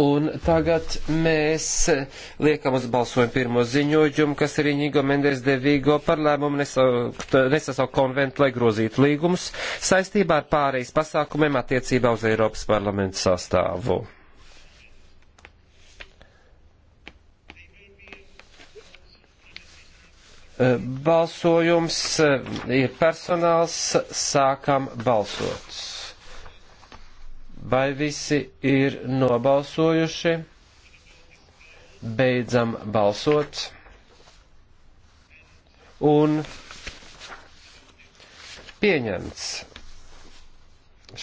Un tagad mēs liekam uz balsojumu pirmo ziņojumu, kas ir Iņigo Mendes de Vigo par lēmumu nesasaukt konventu, lai grozītu līgumus saistībā ar pārejas pasākumiem attiecībā uz Eiropas parlamentu sastāvu. Balsojums ir personāls, sākam balsot. Vai visi ir nobalsojuši? Beidzam balsot. Un pieņemts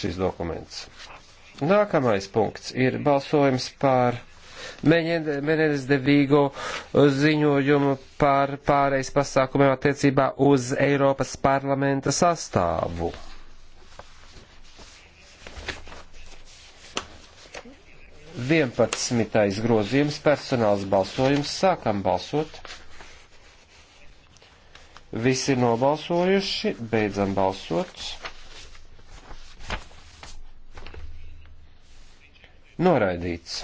šis dokuments. Nākamais punkts ir balsojums par Menendez de Vigo ziņojumu par pārejas pasākumiem attiecībā uz Eiropas parlamenta sastāvu. 11. grozījums personāls balsojums. Sākam balsot. Visi nobalsojuši, beidzam balsot. Noraidīts.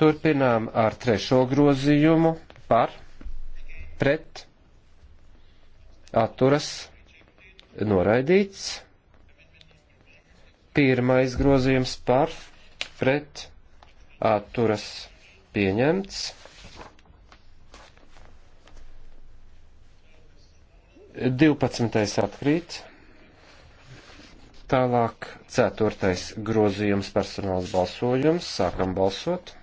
Turpinām ar trešo grozījumu par, pret, atturas, noraidīts. Pirmais grozījums par pret atturas pieņemts. Divpadsmitais atkrīt. Tālāk ceturtais grozījums personāls balsojums. Sākam balsot.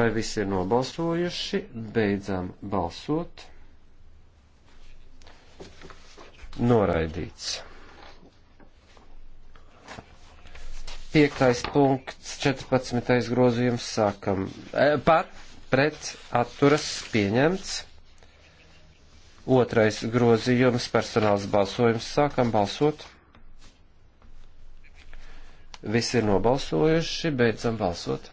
Vai visi ir nobalsojuši? Beidzam balsot noraidīts. Piektais punkts, 14. grozījums sākam. E, par, pret, atturas, pieņemts. Otrais grozījums, personāls balsojums, sākam balsot. Visi ir nobalsojuši, beidzam balsot.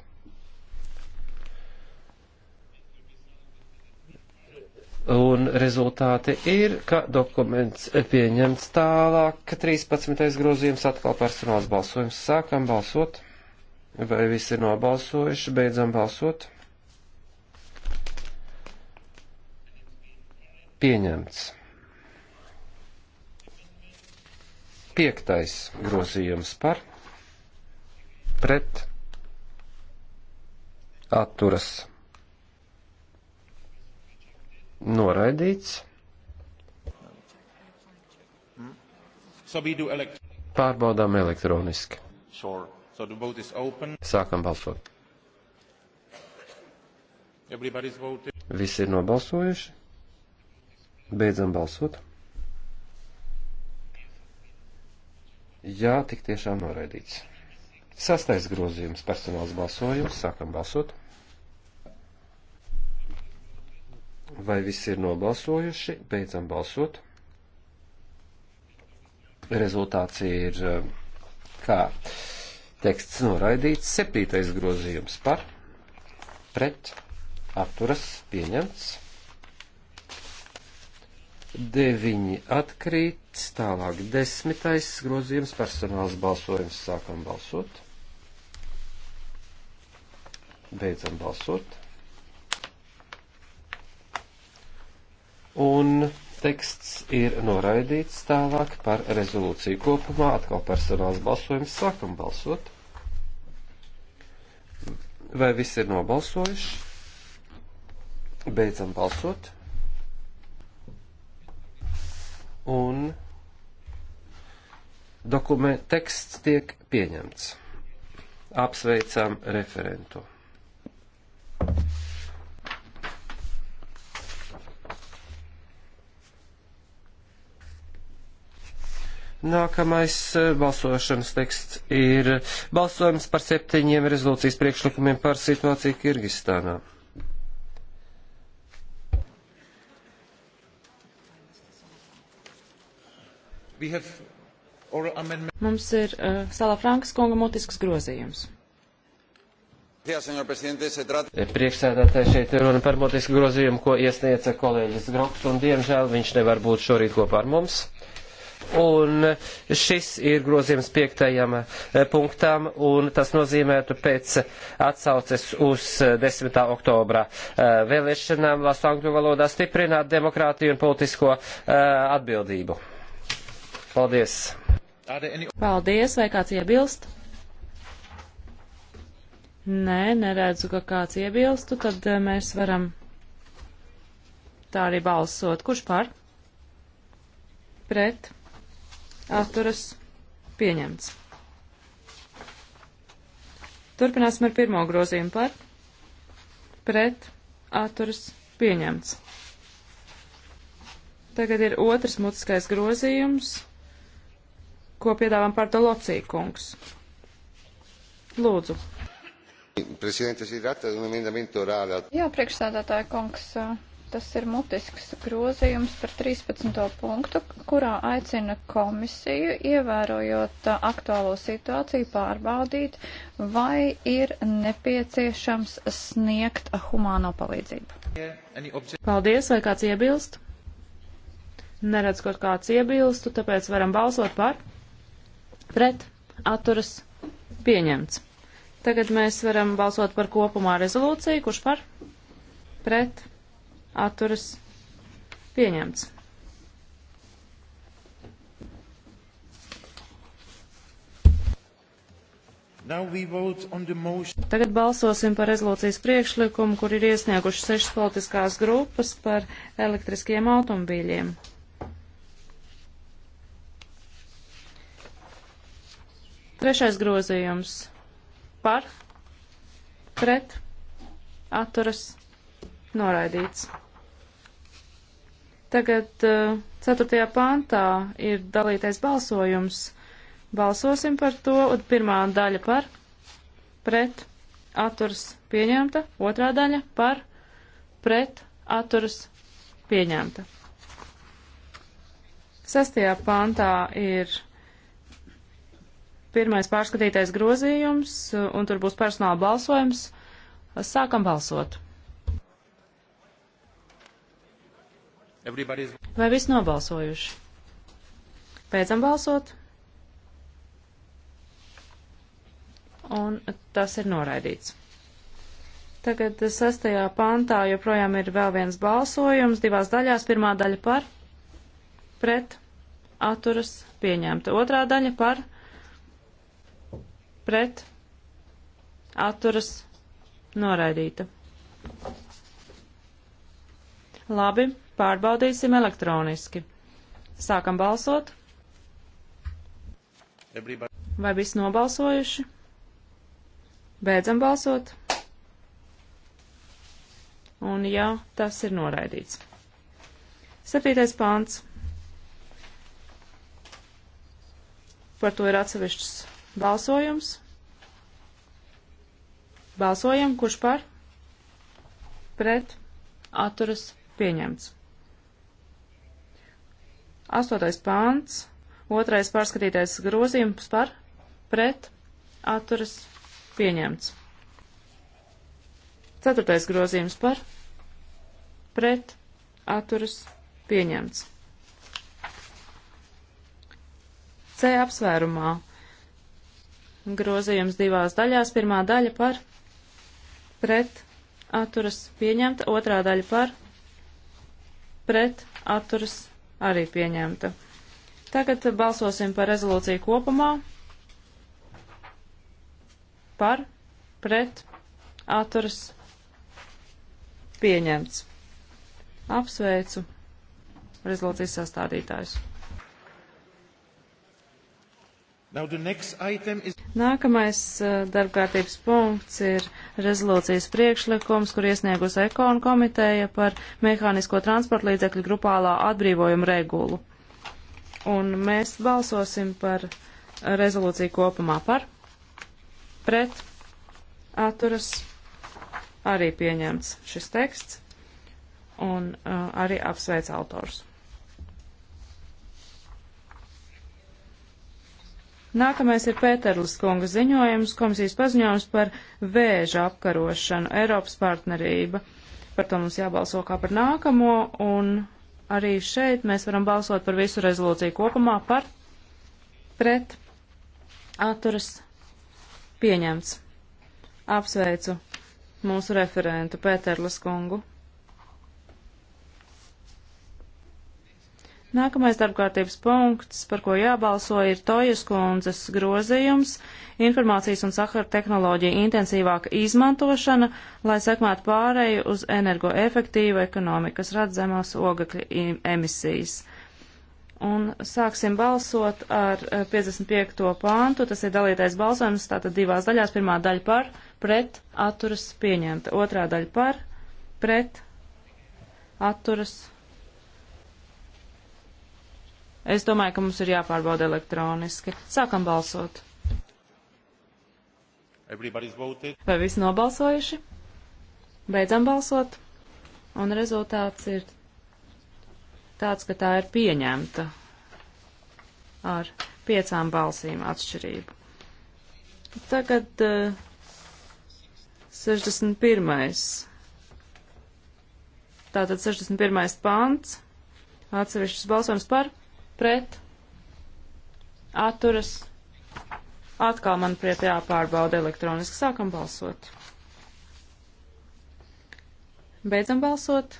Un rezultāti ir, ka dokuments pieņemts tālāk, 13. grozījums atkal personāls balsojums. Sākam balsot. Vai visi ir nobalsojuši? Beidzam balsot. Pieņemts. Piektais grozījums par pret atturas Noraidīts. Pārbaudām elektroniski. Sākam balsot. Visi ir nobalsojuši. Beidzam balsot. Jā, tik tiešām noraidīts. Sastais grozījums - personāls balsojums. Sākam balsot. Vai visi ir nobalsojuši? Beidzam balsot. Rezultāts ir eh, kā teksts noraidīts. Septītais grozījums par pret atturas pieņemts. Deviņi atkrīt, tālāk desmitais grozījums, personāls balsojums, sākam balsot. Beidzam balsot. un teksts ir noraidīts tālāk par rezolūciju kopumā. Atkal personāls balsojums. Sākam balsot. Vai viss ir nobalsojuši? Beidzam balsot. Un dokument teksts tiek pieņemts. Apsveicam referentu. Nākamais eh, balsošanas teksts ir balsojums par septiņiem rezolūcijas priekšlikumiem par situāciju Kirgistānā. Mums ir uh, Sala Frankas kunga mutisks grozījums. Eh, priekšsēdētāji šeit ir runa par mutisku grozījumu, ko iesniedza kolēģis Groks, un diemžēl viņš nevar būt šorīt kopā ar mums. Uh, un šis ir grozījums piektajam eh, punktam, un tas nozīmētu pēc atsauces uz 10. Eh, oktobra eh, vēlēšanām lasu angļu valodā stiprināt demokrātiju un politisko atbildību. Paldies! Paldies, vai kāds iebilst? Nē, neredzu, ka kāds iebilstu, tad mēs varam tā arī balsot. Kurš par? Pret? atturas pieņemts. Turpināsim ar pirmo grozījumu par pret atturas pieņemts. Tagad ir otrs mutiskais grozījums, ko piedāvām par to locīkungs. Lūdzu. Jā, priekšsēdētāja kungs, Tas ir mutisks grozījums par 13. punktu, kurā aicina komisiju, ievērojot uh, aktuālo situāciju, pārbaudīt, vai ir nepieciešams sniegt humāno palīdzību. Paldies, vai kāds iebilst? Neredz, ka kāds iebilstu, tāpēc varam balsot par, pret, atturas, pieņemts. Tagad mēs varam balsot par kopumā rezolūciju, kurš par, pret, atturas atturas pieņemts. Tagad balsosim par rezolūcijas priekšlikumu, kur ir iesnieguši sešas politiskās grupas par elektriskiem automobīļiem. Trešais grozījums par, pret, atturas noraidīts. Tagad eh, ceturtajā pāntā ir dalītais balsojums. Balsosim par to, un pirmā daļa par, pret, atturas pieņemta, otrā daļa par, pret, atturas pieņemta. Sestajā pāntā ir pirmais pārskatītais grozījums, un tur būs personāla balsojums. Sākam balsot! Everybody's... Vai viss nobalsojuši? Beidzam balsot. Un tas ir noraidīts. Tagad sastajā pantā joprojām ir vēl viens balsojums divās daļās. Pirmā daļa par, pret, atturas, pieņemta. Otrā daļa par, pret, atturas, noraidīta. Labi, pārbaudīsim elektroniski. Sākam balsot. Vai viss nobalsojuši? Beidzam balsot. Un jā, tas ir noraidīts. Septītais pāns. Par to ir atsevišķs balsojums. Balsojam, kurš par? Pret. Atturas pieņemts. Astotais pants, otrais pārskatītais grozījums par pret atturas pieņemts. Ceturtais grozījums par pret atturas pieņemts. C apsvērumā grozījums divās daļās. Pirmā daļa par pret atturas pieņemta, otrā daļa par pret atturas pieņemta arī pieņemta. Tagad balsosim par rezolūciju kopumā. Par, pret, atturas, pieņemts. Apsveicu rezolūcijas sastādītājus. Is... Nākamais uh, darbkārtības punkts ir rezolūcijas priekšlikums, kur iesniegus ekonu komiteja par mehānisko transporta līdzekļu grupālā atbrīvojumu regulu. Un mēs balsosim par uh, rezolūciju kopumā par, pret, atturas, arī pieņemts šis teksts un uh, arī apsveic autors. Nākamais ir Pēterlis kunga ziņojums, komisijas paziņojums par vēža apkarošanu, Eiropas partnerība. Par to mums jābalso kā par nākamo, un arī šeit mēs varam balsot par visu rezolūciju kopumā par pret atturas pieņemts. Apsveicu mūsu referentu Pēterlis kungu. Nākamais darbkārtības punkts, par ko jābalso, ir Tojas kundzes grozījums - informācijas un sakaru tehnoloģija intensīvāka izmantošana, lai sekmētu pārēju uz energoefektīvu ekonomiku, kas rada zemās ogakļa emisijas. Un sāksim balsot ar 55. E, pāntu, tas ir dalītais balsojums, tātad divās daļās, pirmā daļa par, pret, atturas pieņemta, otrā daļa par, pret, atturas pieņemta Es domāju, ka mums ir jāpārbauda elektroniski. Sākam balsot. Vai visi nobalsojuši? Beidzam balsot. Un rezultāts ir tāds, ka tā ir pieņemta ar piecām balsīm atšķirību. Tagad uh, eh, 61. Tātad 61. pants. Atsevišķas balsojums par pret atturas atkal, manuprāt, jāpārbauda elektroniski. Sākam balsot. Beidzam balsot.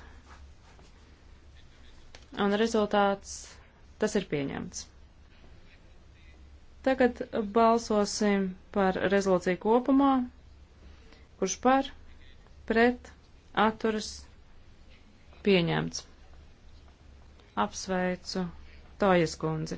Un rezultāts tas ir pieņemts. Tagad balsosim par rezolūciju kopumā. Kurš par, pret, atturas, pieņemts. Apsveicu Tojas kundze.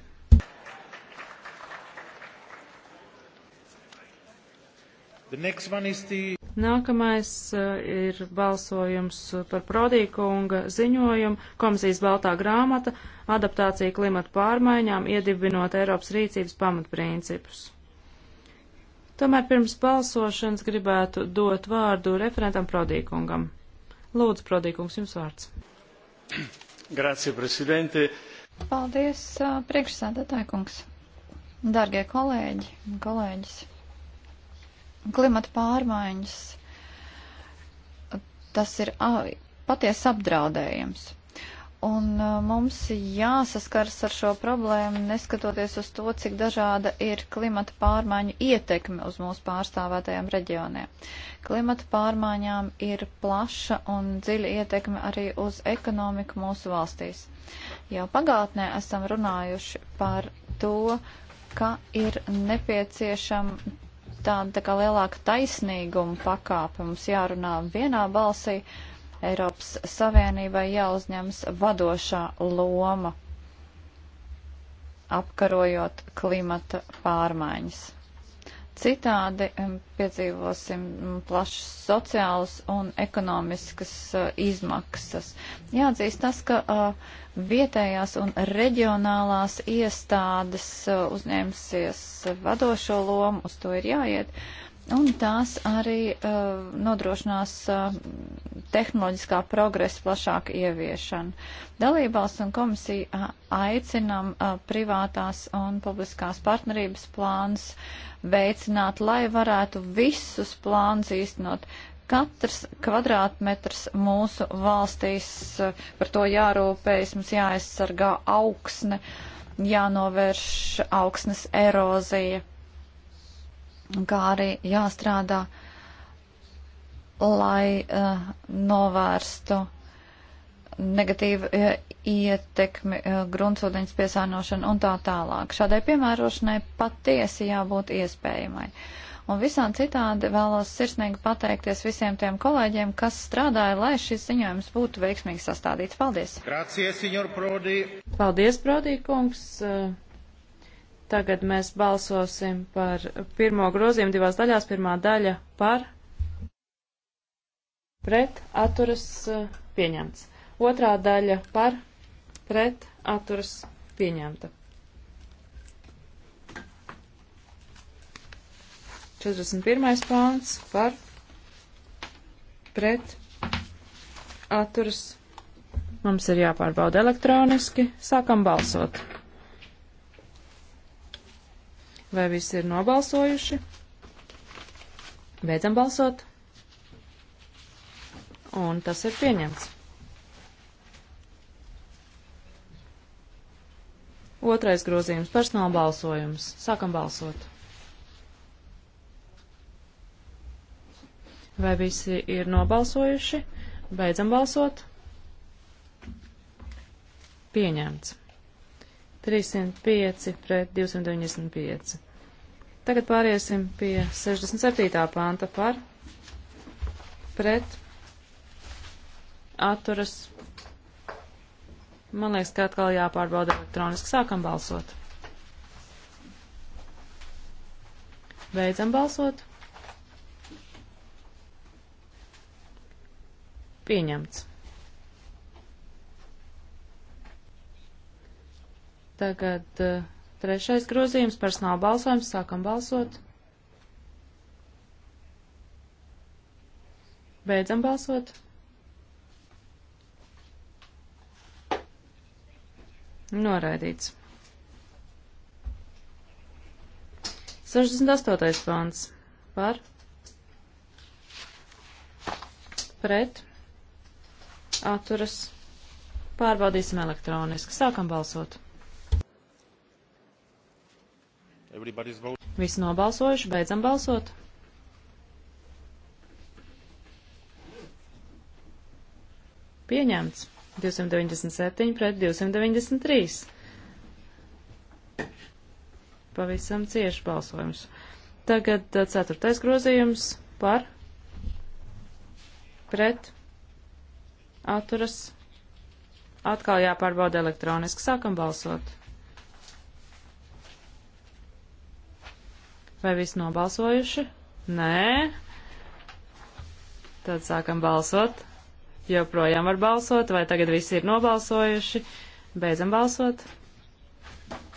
The... Nākamais uh, ir balsojums par Prodīkunga ziņojumu Komisijas Baltā grāmata - adaptācija klimata pārmaiņām, iedibinot Eiropas rīcības pamatprincipus. Tomēr pirms balsošanas gribētu dot vārdu referentam Prodīkungam. Lūdzu, Prodīkungs, jums vārds. Grazie, prezidente. Paldies, priekšsēdētāji kungs. Dargie kolēģi un kolēģis. Klimata pārmaiņas. Tas ir patiesi apdraudējums. Un uh, mums jāsaskars ar šo problēmu, neskatoties uz to, cik dažāda ir klimata pārmaiņu ietekme uz mūsu pārstāvētajiem reģioniem. Klimata pārmaiņām ir plaša un dziļa ietekme arī uz ekonomiku mūsu valstīs. Jau pagātnē esam runājuši par to, ka ir nepieciešama tāda tā kā lielāka taisnīguma pakāpe. Mums jārunā vienā balsī Eiropas Savienībai jāuzņemas vadošā loma apkarojot klimata pārmaiņas. Citādi piedzīvosim plašas sociālas un ekonomiskas uh, izmaksas. Jāatzīst tas, ka uh, vietējās un reģionālās iestādes uh, e, uzņēmsies vadošo lomu, uz to ir jāiet, un tās arī uh, nodrošinās uh, tehnoloģiskā progresa plašāku ieviešanu. Dalībvalsts un komisija uh, aicinam uh, privātās un publiskās partnerības plānus veicināt, lai varētu visus plānus īstenot. Katrs kvadrātmetrs mūsu valstīs, uh, par to jārūpējas, mums jāaizsargā augsne, jānovērš augsnes erozija kā arī jāstrādā, lai uh, novērstu negatīvu uh, ietekmi, uh, eh, gruntsūdeņas piesānošanu un tā tālāk. Šādai piemērošanai patiesi jābūt iespējamai. Un visām citādi vēlos sirsnīgi pateikties visiem tiem kolēģiem, kas strādāja, lai šis ziņojums būtu veiksmīgi sastādīts. Paldies! Grācies, Paldies, Brodī kungs! Tagad mēs balsosim par pirmo grozījumu divās daļās. Pirmā daļa par pret atturas pieņemts. Otrā daļa par pret atturas pieņemta. 41. pāns par pret atturas. Mums ir jāpārbauda elektroniski. Sākam balsot. Vai visi ir nobalsojuši? Beidzam balsot. Un tas ir pieņemts. Otrais grozījums - personāla balsojums. Sākam balsot. Vai visi ir nobalsojuši? Beidzam balsot. Pieņemts. 305 pret 295. Tagad pāriesim pie 67. panta par pret atturas. Man liekas, ka atkal jāpārbauda elektroniski. Sākam balsot. Beidzam balsot. Pieņemts. Tagad uh, Trešais grozījums personāla balsojums. Sākam balsot. Beidzam balsot. Noraidīts. 68. pāns par pret atturas pārbaudīsim elektroniski. Sākam balsot. Visi nobalsojuši, beidzam balsot. Pieņemts. 297 pret 293. Pavisam cieši balsojums. Tagad uh, ceturtais grozījums par pret atturas. Atkal jāpārbauda elektroniski. Sākam balsot. Vai viss nobalsojuši? Nē. Tad sākam balsot. Joprojām var balsot, vai tagad visi ir nobalsojuši. Beidzam balsot.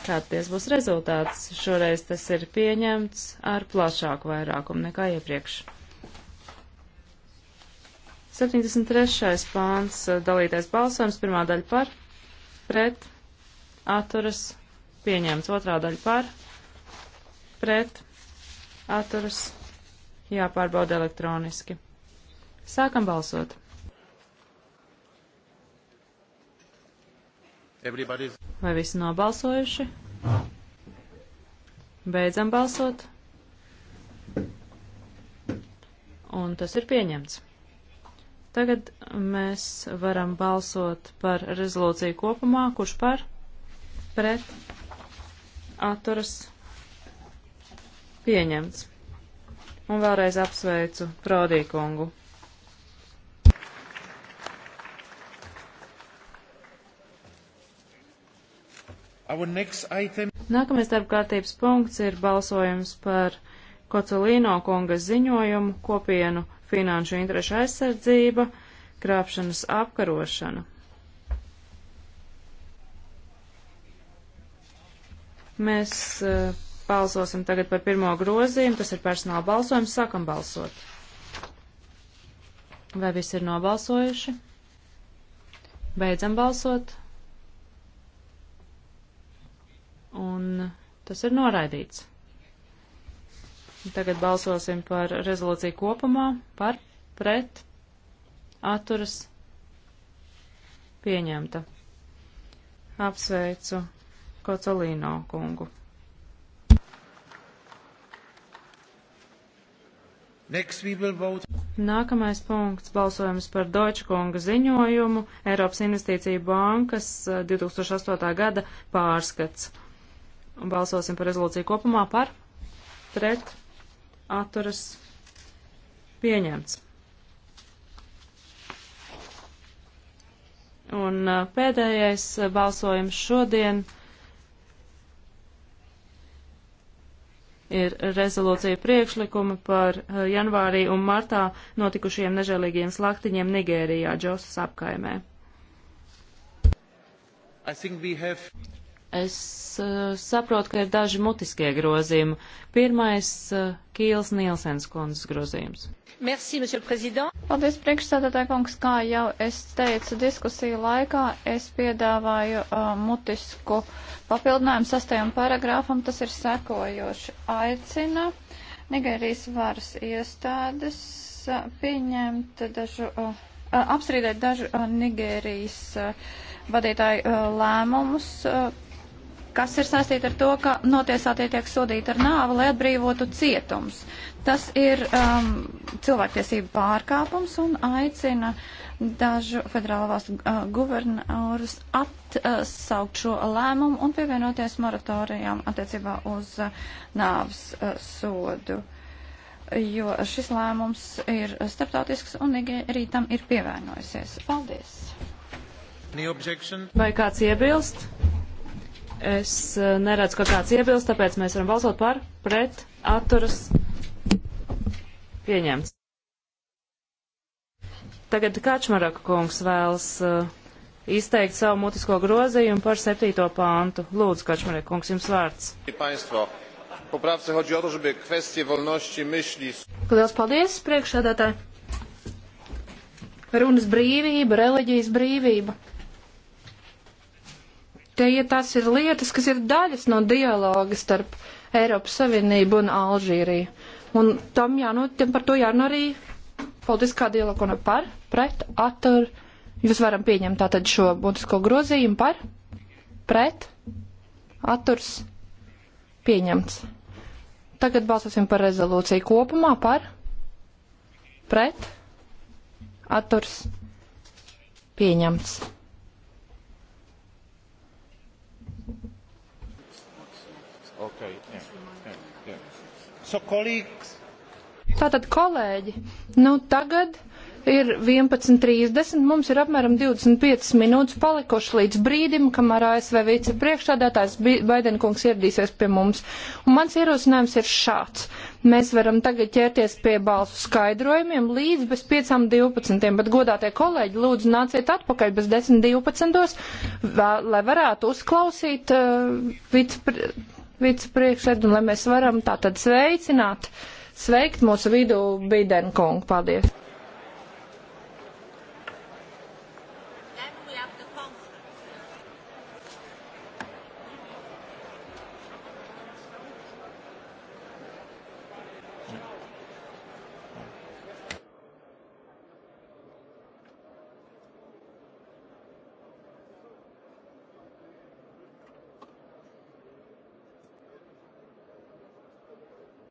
Kāds būs rezultāts? Šoreiz tas ir pieņemts ar plašāku vairākumu nekā iepriekš. 73. pāns dalītais balsojums, pirmā daļa par, pret, atturas, pieņemts, otrā daļa par, pret, atturas jāpārbauda elektroniski. Sākam balsot. Everybody's... Vai visi nobalsojuši? Beidzam balsot. Un tas ir pieņemts. Tagad mēs varam balsot par rezolūciju kopumā, kurš par, pret, atturas pieņemts. Un vēlreiz apsveicu Prodīkungu. Item... Nākamais darbkārtības punkts ir balsojums par Kocelīno kungas ziņojumu kopienu finanšu interešu aizsardzība, krāpšanas apkarošana. Mēs uh, Balsosim tagad par pirmo grozījumu, tas ir personāla balsojums, sākam balsot. Vai visi ir nobalsojuši? Beidzam balsot. Un tas ir noraidīts. Tagad balsosim par rezolūciju kopumā, par, pret, atturas, pieņemta. Apsveicu Kocolīno kungu. Nākamais punkts - balsojums par Deutsche Kunga ziņojumu Eiropas Investīcija bankas 2008. Eh, gada pārskats. Balsosim par rezolūciju kopumā par, pret, atturas, pieņemts. Un eh, pēdējais eh, balsojums šodien. ir rezolūcija priekšlikumi par eh, janvārī un martā notikušajiem nežēlīgiem slaktiņiem Nigērijā, Džosas apkaimē. Have... Es uh, saprotu, ka ir daži mutiskie grozījumi. Pirmais uh, - Kīls Nielsens kundzes grozījums. Merci, Paldies, priekšsēdētāji kungs, kā jau es teicu diskusiju laikā, es piedāvāju uh, mutisku papildinājumu sastajam paragrāfam, tas ir sekojoši. Aicina Nigērijas varas iestādes uh, pieņemt dažu, uh, apstrīdēt dažu uh, Nigērijas uh, vadītāju uh, lēmumus. Uh, kas ir saistīti ar to, ka notiesātie tiek sodīti ar nāvu, lai atbrīvotu cietums. Tas ir um, cilvēktiesība pārkāpums un aicina dažu federālo valstu uh, guvernorus atsaukt uh, šo lēmumu un pievienoties moratorijām attiecībā uz uh, nāvas uh, sodu. Uh, jo šis lēmums ir starptautisks un Nigērija tam ir pievienojusies. Paldies! Vai kāds iebilst? Es eh, neredzu, ka kāds iebilst, tāpēc mēs varam balsot par, pret, atturas, pieņemts. Tagad Kačmaraka kungs vēlas uh, izteikt savu mutisko grozījumu par septīto pāntu. Lūdzu, Kačmaraka kungs, jums vārds. Lielas paldies, priekšsēdētāji! Runas brīvība, reliģijas brīvība. Tie ja tas ir lietas, kas ir daļas no dialoga starp Eiropas Savienību un Alžīriju. Un tam jānot, par to jārunā arī politiskā dialoga un par, pret, attur. Jūs varam pieņemt tātad šo būtisko grozījumu par, pret, atturs, pieņemts. Tagad balsosim par rezolūciju kopumā par, pret, atturs, pieņemts. Okay, yeah, yeah, yeah. So, colleagues... Tātad, kolēģi, nu tagad ir 11.30, mums ir apmēram 25 minūtes palikuši līdz brīdim, kamēr ASV vicepriekšādātājs Baidenkungs ieradīsies pie mums. Un mans ierosinājums ir šāds. Mēs varam tagad ķerties pie balsu skaidrojumiem līdz bez 5.12, bet godātie kolēģi, lūdzu nāciet atpakaļ bez 10.12, lai varētu uzklausīt uh, vicepriekšādātājs vicepriekšēdu, un lai mēs varam tā tad sveicināt, sveikt mūsu vidū Bidenkungu. Paldies!